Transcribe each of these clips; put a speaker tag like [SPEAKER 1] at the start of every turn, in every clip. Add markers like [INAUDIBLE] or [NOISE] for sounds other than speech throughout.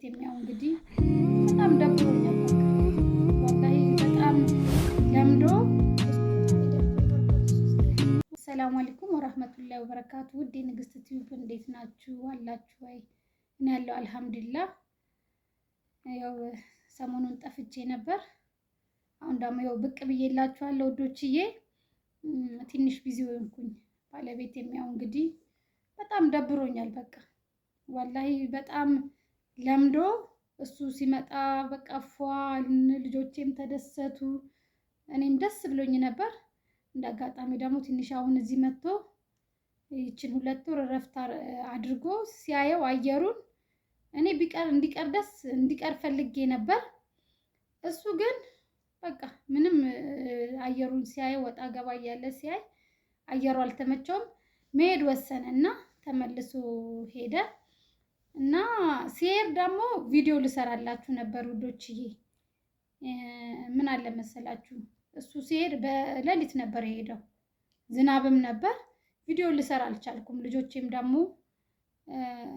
[SPEAKER 1] ቤቴም ያው እንግዲህ በጣም ደብሮኛል። በጣም ለምዶ ሰላም አለይኩም ወራህመቱላሂ ወበረካቱ። ውድ ንግስት ቲዩብ እንዴት ናችሁ? አላችሁ ወይ? እኔ ያለው አልሐምዱሊላህ። ያው ሰሞኑን ጠፍቼ ነበር። አሁን ደግሞ ያው ብቅ ብዬላችኋለሁ ውዶችዬ። ትንሽ ቢዚ ሆንኩኝ። ባለቤቴም ያው እንግዲህ በጣም ደብሮኛል። በቃ ወላሂ በጣም ለምዶ እሱ ሲመጣ በቃ ፏ ልጆቼም ተደሰቱ፣ እኔም ደስ ብሎኝ ነበር። እንደ አጋጣሚ ደግሞ ትንሽ አሁን እዚህ መጥቶ ይችን ሁለት ወር እረፍት አድርጎ ሲያየው አየሩን እኔ ቢቀር እንዲቀር ደስ እንዲቀር ፈልጌ ነበር። እሱ ግን በቃ ምንም አየሩን ሲያየው ወጣ ገባ እያለ ሲያይ አየሩ አልተመቸውም። መሄድ ወሰነ እና ተመልሶ ሄደ። እና ሲሄድ ደግሞ ቪዲዮ ልሰራላችሁ ነበር ውዶችዬ። ምን አለ መሰላችሁ እሱ ሲሄድ በሌሊት ነበር የሄደው፣ ዝናብም ነበር። ቪዲዮ ልሰራ አልቻልኩም። ልጆቼም ደግሞ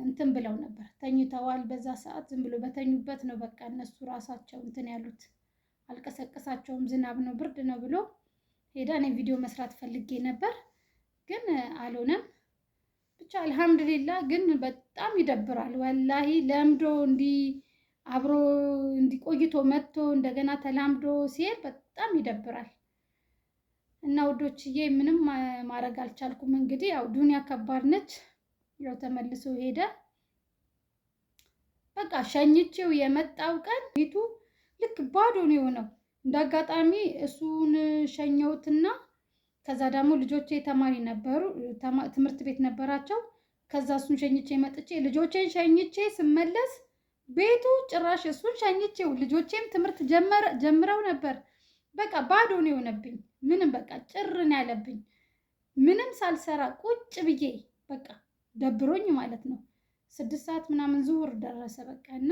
[SPEAKER 1] እንትን ብለው ነበር ተኝተዋል። በዛ ሰዓት ዝም ብሎ በተኙበት ነው በቃ እነሱ ራሳቸው እንትን ያሉት። አልቀሰቀሳቸውም። ዝናብ ነው ብርድ ነው ብሎ ሄዳ እኔ ቪዲዮ መስራት ፈልጌ ነበር ግን አልሆነም። ብቻ አልሐምዱሊላ። ግን በጣም ይደብራል። ወላሂ ለምዶ እንዲ አብሮ እንዲቆይቶ መጥቶ እንደገና ተላምዶ ሲሄድ በጣም ይደብራል። እና ውዶችዬ ምንም ማድረግ አልቻልኩም። እንግዲህ ያው ዱንያ ከባድ ነች። ያው ተመልሶ ሄደ። በቃ ሸኝቼው የመጣው ቀን ቤቱ ልክ ባዶ ነው የሆነው። እንደ አጋጣሚ እሱን ሸኘውትና ከዛ ደግሞ ልጆቼ ተማሪ ነበሩ፣ ትምህርት ቤት ነበራቸው። ከዛ እሱን ሸኝቼ መጥቼ ልጆቼን ሸኝቼ ስመለስ ቤቱ ጭራሽ እሱን ሸኝቼው ልጆቼም ትምህርት ጀምረው ነበር። በቃ ባዶ ነው የሆነብኝ። ምንም በቃ ጭርን ያለብኝ ምንም ሳልሰራ ቁጭ ብዬ በቃ ደብሮኝ ማለት ነው። ስድስት ሰዓት ምናምን ዙሁር ደረሰ በቃ እና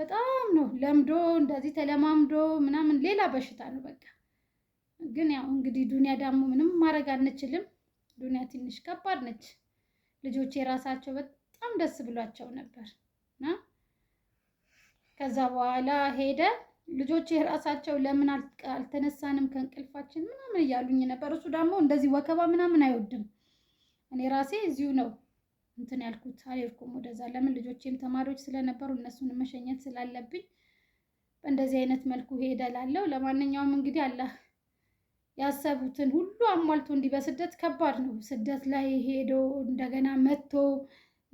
[SPEAKER 1] በጣም ነው ለምዶ እንደዚህ ተለማምዶ ምናምን ሌላ በሽታ ነው በቃ ግን ያው እንግዲህ ዱኒያ ደግሞ ምንም ማድረግ አንችልም። ዱኒያ ትንሽ ከባድ ነች። ልጆች የራሳቸው በጣም ደስ ብሏቸው ነበር እና ከዛ በኋላ ሄደ። ልጆች የራሳቸው ለምን አልተነሳንም ከእንቅልፋችን ምናምን እያሉኝ ነበር። እሱ ደግሞ እንደዚህ ወከባ ምናምን አይወድም። እኔ ራሴ እዚሁ ነው እንትን ያልኩት አልሄድኩም ወደዛ። ለምን ልጆቼም ተማሪዎች ስለነበሩ እነሱን መሸኘት ስላለብኝ እንደዚህ አይነት መልኩ ሄደ ለማንኛውም እንግዲህ አላህ ያሰቡትን ሁሉ አሟልቶ እንዲህ በስደት ከባድ ነው። ስደት ላይ ሄዶ እንደገና መጥቶ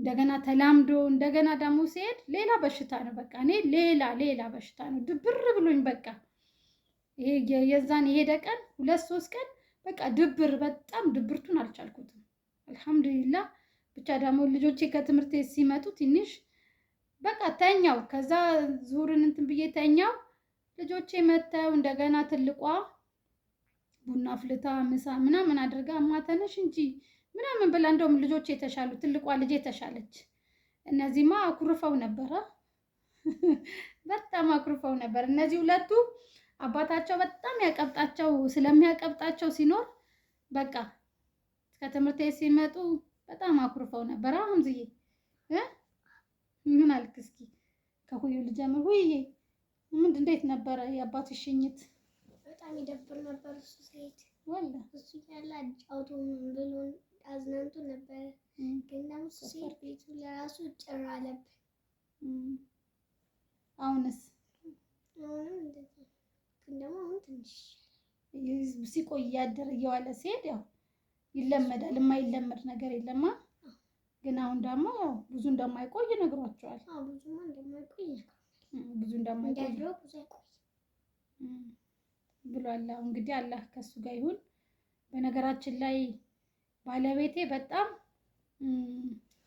[SPEAKER 1] እንደገና ተላምዶ እንደገና ደግሞ ሲሄድ ሌላ በሽታ ነው። በቃ እኔ ሌላ ሌላ በሽታ ነው። ድብር ብሎኝ በቃ የዛን የሄደ ቀን ሁለት ሶስት ቀን በቃ ድብር በጣም ድብርቱን አልቻልኩትም። አልሐምዱሊላ ብቻ ደግሞ ልጆቼ ከትምህርት ሲመጡ ትንሽ በቃ ተኛው። ከዛ ዙርን እንትን ብዬ ተኛው። ልጆቼ መተው እንደገና ትልቋ ቡና አፍልታ ምሳ ምናምን አድርጋ ማተነሽ እንጂ ምናምን ብላ እንደውም ልጆች የተሻሉ ትልቋ ልጅ የተሻለች። እነዚህማ አኩርፈው ነበረ፣ በጣም አኩርፈው ነበር። እነዚህ ሁለቱ አባታቸው በጣም ያቀብጣቸው ስለሚያቀብጣቸው ሲኖር በቃ ከትምህርት ቤት ሲመጡ በጣም አኩርፈው ነበር። አሁን ዝዬ ምን አልክ? እስኪ ከሁዩ ልጀምር። ሁይዬ ምንድ እንዴት ነበረ የአባትሽ ሽኝት?
[SPEAKER 2] በጣም ይደብር ነበር እሱ ሴት ወንድ እሱ ያለ አጫውቶ ብሎን አዝናንቶ ነበር። ግን ደግሞ እሱ ሴት ቤቱ ለራሱ ጭር አለብን። አሁንስ አሁንም እንደዚህ ግን ደግሞ አሁን ትንሽ
[SPEAKER 1] ሲቆይ እያደረ እየዋለ ሲሄድ ያው ይለመዳል። የማይለመድ ነገር የለማ። ግን አሁን ደግሞ ብዙ እንደማይቆይ ነግሯቸዋል።
[SPEAKER 2] ብዙ እንደማይቆይ
[SPEAKER 1] ብዙ እንደማይቆይ ብሏል። እንግዲህ አላህ ከሱ ጋር ይሁን። በነገራችን ላይ ባለቤቴ በጣም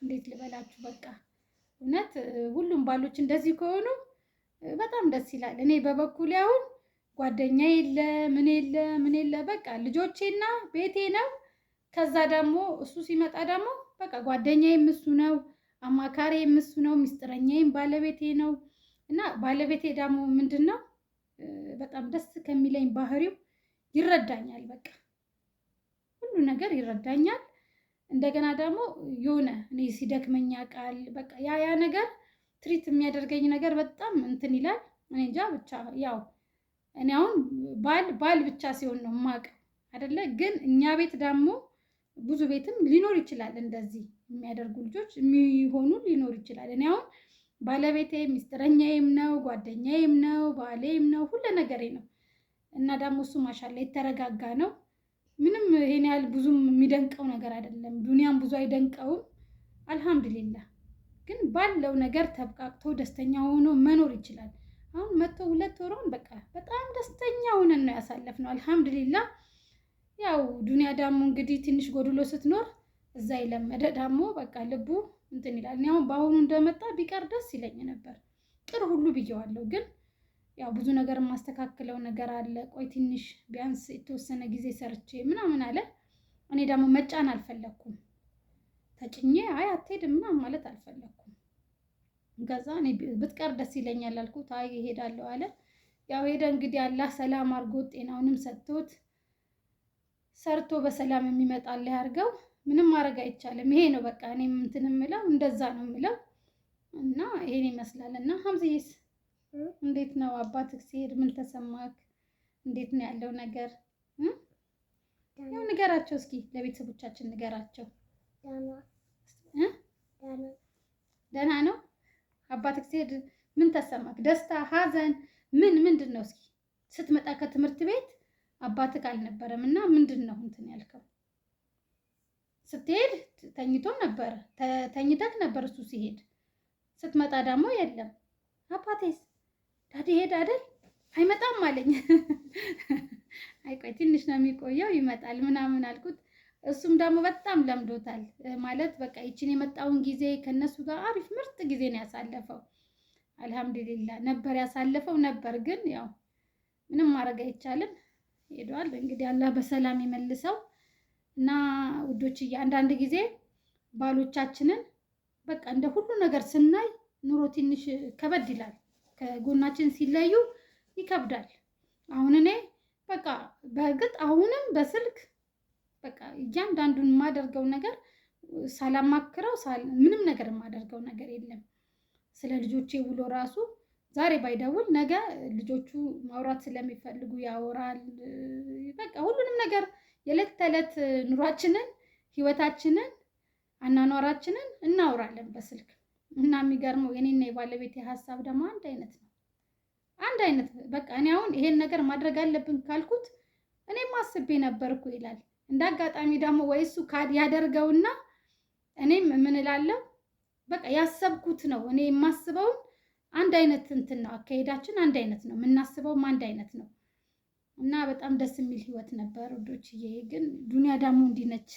[SPEAKER 1] እንዴት ልበላችሁ፣ በቃ እውነት ሁሉም ባሎች እንደዚህ ከሆኑ በጣም ደስ ይላል። እኔ በበኩሌ አሁን ጓደኛ የለ ምን የለ ምን የለ፣ በቃ ልጆቼና ቤቴ ነው። ከዛ ደግሞ እሱ ሲመጣ ደግሞ በቃ ጓደኛ እሱ ነው፣ አማካሪ የምሱ ነው፣ ሚስጥረኛዬም ባለቤቴ ነው። እና ባለቤቴ ደግሞ ምንድን ነው በጣም ደስ ከሚለኝ ባህሪው ይረዳኛል። በቃ ሁሉ ነገር ይረዳኛል። እንደገና ደግሞ የሆነ እኔ ሲደክመኝ ቃል በቃ ያ ያ ነገር ትሪት የሚያደርገኝ ነገር በጣም እንትን ይላል። እኔ እንጃ ብቻ ያው እኔ አሁን ባል ባል ብቻ ሲሆን ነው ማቅ አደለ። ግን እኛ ቤት ደግሞ ብዙ ቤትም ሊኖር ይችላል እንደዚህ የሚያደርጉ ልጆች የሚሆኑ ሊኖር ይችላል። እኔ አሁን ባለቤቴ ሚስጥረኛዬም ነው፣ ጓደኛዬም ነው፣ ባሌም ነው፣ ሁሉ ነገሬ ነው። እና ደግሞ እሱ ማሻላ የተረጋጋ ነው። ምንም ይሄን ያህል ብዙም የሚደንቀው ነገር አይደለም። ዱኒያም ብዙ አይደንቀውም። አልሐምዱሊላ ግን ባለው ነገር ተብቃቅቶ ደስተኛ ሆኖ መኖር ይችላል። አሁን መቶ ሁለት ወሮን በቃ በጣም ደስተኛ ሆነን ነው ያሳለፍነው። አልሐምዱሊላ ያው ዱኒያ ዳሞ እንግዲህ ትንሽ ጎድሎ ስትኖር እዛ የለመደ ዳሞ በቃ ልቡ እንትን ይላል። እኔ አሁን በአሁኑ እንደመጣ ቢቀር ደስ ይለኝ ነበር። ጥሩ ሁሉ ብየዋለሁ፣ ግን ያው ብዙ ነገር የማስተካክለው ነገር አለ። ቆይ ትንሽ ቢያንስ የተወሰነ ጊዜ ሰርቼ ምናምን አለ። እኔ ደግሞ መጫን አልፈለግኩም። ተጭኜ አይ አትሄድም ምናምን ማለት አልፈለግኩም። ከዛ እኔ ብትቀር ደስ ይለኛል አልኩት። አይ እሄዳለሁ አለ። ያው ሄደ። እንግዲህ አላህ ሰላም አድርጎት ጤናውንም ሰጥቶት ሰርቶ በሰላም የሚመጣልህ አድርገው ምንም ማድረግ አይቻልም። ይሄ ነው በቃ እኔ እንትን የምለው እንደዛ ነው የምለው እና ይሄን ይመስላል። እና ሀምዝዬስ እንዴት ነው አባትህ ሲሄድ ምን ተሰማክ? እንዴት ነው ያለው ነገር? ያው ንገራቸው እስኪ ለቤተሰቦቻችን ንገራቸው። ደህና ነው አባትህ ሲሄድ ምን ተሰማክ? ደስታ፣ ሀዘን ምን ምንድን ነው? እስኪ ስትመጣ ከትምህርት ቤት አባትህ አልነበረም እና ምንድን ነው እንትን ያልከው? ስትሄድ ተኝቶ ነበር፣ ተኝተት ነበር እሱ ሲሄድ። ስትመጣ ደግሞ የለም። አባቴስ ዳዲ ሄድ አይደል አይመጣም አለኝ። [LAUGHS] አይቆይ ትንሽ ነው የሚቆየው ይመጣል ምናምን አልኩት። እሱም ደግሞ በጣም ለምዶታል ማለት በቃ ይችን የመጣውን ጊዜ ከነሱ ጋር አሪፍ ምርጥ ጊዜ ነው ያሳለፈው። አልሐምዱሊላ ነበር ያሳለፈው ነበር። ግን ያው ምንም ማድረግ አይቻልም። ሄደዋል እንግዲህ አላህ በሰላም ይመልሰው። እና ውዶች አንዳንድ ጊዜ ባሎቻችንን በቃ እንደ ሁሉ ነገር ስናይ ኑሮ ትንሽ ከበድ ይላል። ከጎናችን ሲለዩ ይከብዳል። አሁን እኔ በቃ በእርግጥ አሁንም በስልክ በቃ እያንዳንዱን የማደርገው ነገር ሳላማክረው ምንም ነገር የማደርገው ነገር የለም። ስለ ልጆቼ ውሎ ራሱ ዛሬ ባይደውል ነገ ልጆቹ ማውራት ስለሚፈልጉ ያወራል። በቃ ሁሉንም ነገር የዕለት ተዕለት ኑሯችንን፣ ህይወታችንን፣ አናኗራችንን እናውራለን በስልክ እና የሚገርመው የኔና የባለቤት የሀሳብ ደግሞ አንድ አይነት ነው። አንድ አይነት በቃ እኔ አሁን ይሄን ነገር ማድረግ አለብን ካልኩት እኔም አስቤ ነበርኩ ይላል። እንደ አጋጣሚ ደግሞ ወይ እሱ ያደርገውና እኔም ምን በቃ ያሰብኩት ነው። እኔ የማስበውን አንድ አይነት እንትን ነው። አካሄዳችን አንድ አይነት ነው። የምናስበውም አንድ አይነት ነው። እና በጣም ደስ የሚል ህይወት ነበር ወዶችዬ ግን ዱኒያ ዳሞ እንዲህ ነች።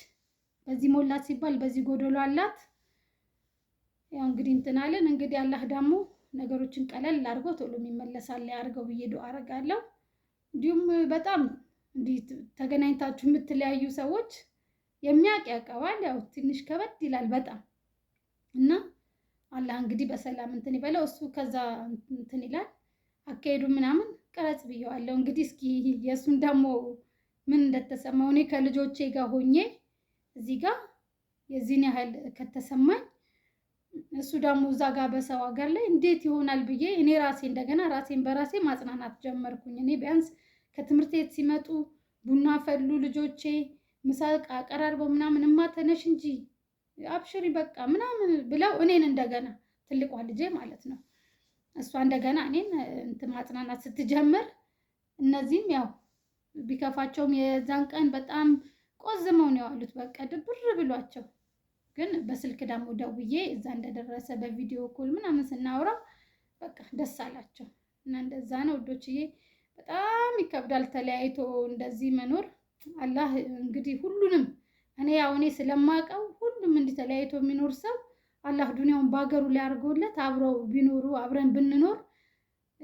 [SPEAKER 1] በዚህ ሞላት ሲባል በዚህ ጎደሎ አላት። ያው እንግዲህ እንትናለን እንግዲህ አላህ ዳሞ ነገሮችን ቀለል አድርጎ ቶሎ የሚመለሳል ያርገው ብዬ ዱአ አረጋለሁ። እንዲሁም በጣም እንዲህ ተገናኝታችሁ የምትለያዩ ሰዎች የሚያውቅ ያውቀዋል። ያው ትንሽ ከበድ ይላል በጣም እና አላህ እንግዲህ በሰላም እንትን ይበለው እሱ ከዛ እንትን ይላል አካሄዱ ምናምን ቅረጽ ብየዋለሁ። እንግዲህ እስኪ የእሱን ደግሞ ምን እንደተሰማው እኔ ከልጆቼ ጋር ሆኜ እዚህ ጋር የዚህን ያህል ከተሰማኝ እሱ ደግሞ እዛ ጋር በሰው ሀገር ላይ እንዴት ይሆናል ብዬ እኔ ራሴ እንደገና ራሴን በራሴ ማጽናናት ጀመርኩኝ። እኔ ቢያንስ ከትምህርት ቤት ሲመጡ ቡና ፈሉ ልጆቼ፣ ምሳ አቀራርበው ምናምን እማ ተነሽ እንጂ አብሽሪ በቃ ምናምን ብለው እኔን እንደገና ትልቋ ልጄ ማለት ነው እሷ እንደገና እኔን እንትን ማጽናናት ስትጀምር እነዚህም ያው ቢከፋቸውም የዛን ቀን በጣም ቆዝመው ነው ያሉት። በቃ ድብር ብሏቸው ግን በስልክ ደግሞ ደውዬ እዛ እንደደረሰ በቪዲዮ ኮል ምናምን ስናወራው በቃ ደስ አላቸው እና እንደዛ ነው ውዶችዬ። በጣም ይከብዳል ተለያይቶ እንደዚህ መኖር። አላህ እንግዲህ ሁሉንም እኔ ያው እኔ ስለማውቀው ሁሉም እንዲህ ተለያይቶ የሚኖር ሰው አላህ ዱንያውን በሀገሩ ላይ አድርጎለት አብረው ቢኖሩ አብረን ብንኖር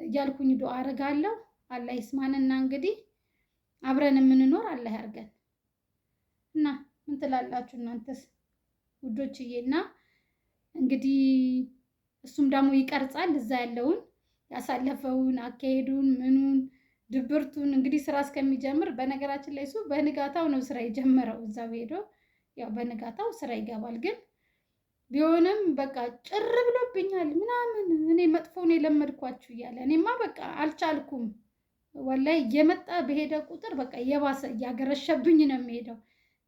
[SPEAKER 1] እያልኩኝ ዱአ አደርጋለሁ። አላህ ይስማንና እንግዲህ አብረን የምንኖር አላህ ያርገን እና ምን ትላላችሁ እናንተስ ውዶችዬ? እና እንግዲህ እሱም ደግሞ ይቀርጻል እዛ ያለውን ያሳለፈውን አካሄዱን ምኑን ድብርቱን እንግዲህ ስራ እስከሚጀምር በነገራችን ላይ እሱ በንጋታው ነው ስራ የጀመረው። እዛው ሄዶ ያው በንጋታው ስራ ይገባል ግን ቢሆንም በቃ ጭር ብሎብኛል ምናምን እኔ መጥፎ ነው የለመድኳችሁ እያለ እኔማ በቃ አልቻልኩም። ወላይ እየመጣ በሄደ ቁጥር በቃ የባሰ እያገረሸብኝ ነው የሚሄደው።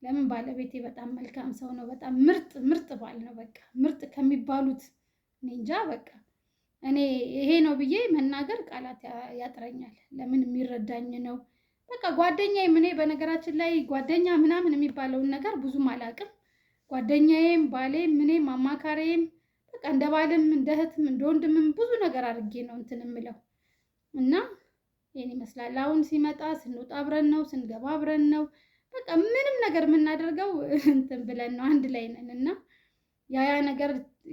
[SPEAKER 1] ለምን ባለቤቴ በጣም መልካም ሰው ነው። በጣም ምርጥ ምርጥ ባል ነው። በቃ ምርጥ ከሚባሉት እንጃ በቃ እኔ ይሄ ነው ብዬ መናገር ቃላት ያጥረኛል። ለምን የሚረዳኝ ነው በቃ ጓደኛ ምን በነገራችን ላይ ጓደኛ ምናምን የሚባለውን ነገር ብዙም አላውቅም። ጓደኛዬም ባሌም ምኔም አማካሪዬም በቃ እንደ ባልም እንደ እህትም እንደ ወንድምም ብዙ ነገር አድርጌ ነው እንትን የምለው እና ይህን ይመስላል። አሁን ሲመጣ ስንወጣ አብረን ነው፣ ስንገባ አብረን ነው። በቃ ምንም ነገር የምናደርገው [LAUGHS] እንትን ብለን ነው፣ አንድ ላይ ነን እና ያያ ነገር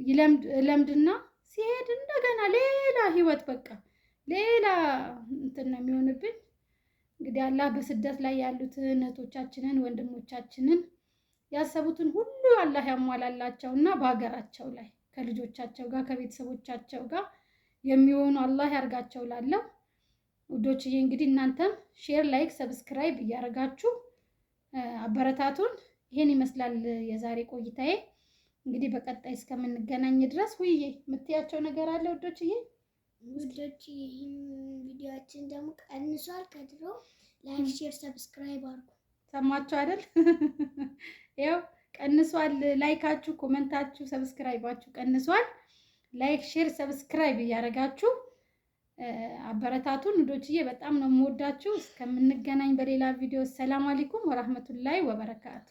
[SPEAKER 1] ይለምድና ሲሄድ እንደገና ሌላ ህይወት በቃ ሌላ እንትን ነው የሚሆንብን። እንግዲህ አላህ በስደት ላይ ያሉትን እህቶቻችንን ወንድሞቻችንን ያሰቡትን ሁሉ አላህ ያሟላላቸው እና በሀገራቸው ላይ ከልጆቻቸው ጋር ከቤተሰቦቻቸው ጋር የሚሆኑ አላህ ያርጋቸው። ላለው ውዶችዬ እንግዲህ እናንተም ሼር፣ ላይክ፣ ሰብስክራይብ እያደረጋችሁ አበረታቱን። ይሄን ይመስላል የዛሬ ቆይታዬ። እንግዲህ በቀጣይ እስከምንገናኝ ድረስ ውዬ የምትያቸው ነገር አለ ውዶችዬ?
[SPEAKER 2] ውዶች ይህን ቪዲዮችን ደግሞ ቀንሷል ከድሮ ላይክ፣ ሼር፣ ሰብስክራይብ አርጉ።
[SPEAKER 1] ሰማችሁ አይደል? ያው [LAUGHS] ቀንሷል። ላይካችሁ፣ ኮመንታችሁ፣ ሰብስክራይባችሁ ቀንሷል። ላይክ፣ ሼር፣ ሰብስክራይብ እያደረጋችሁ አበረታቱን ውዶችዬ። በጣም ነው የምወዳችሁ። እስከምንገናኝ በሌላ ቪዲዮ። ሰላም አለይኩም ወራህመቱላሂ ወበረካቱ።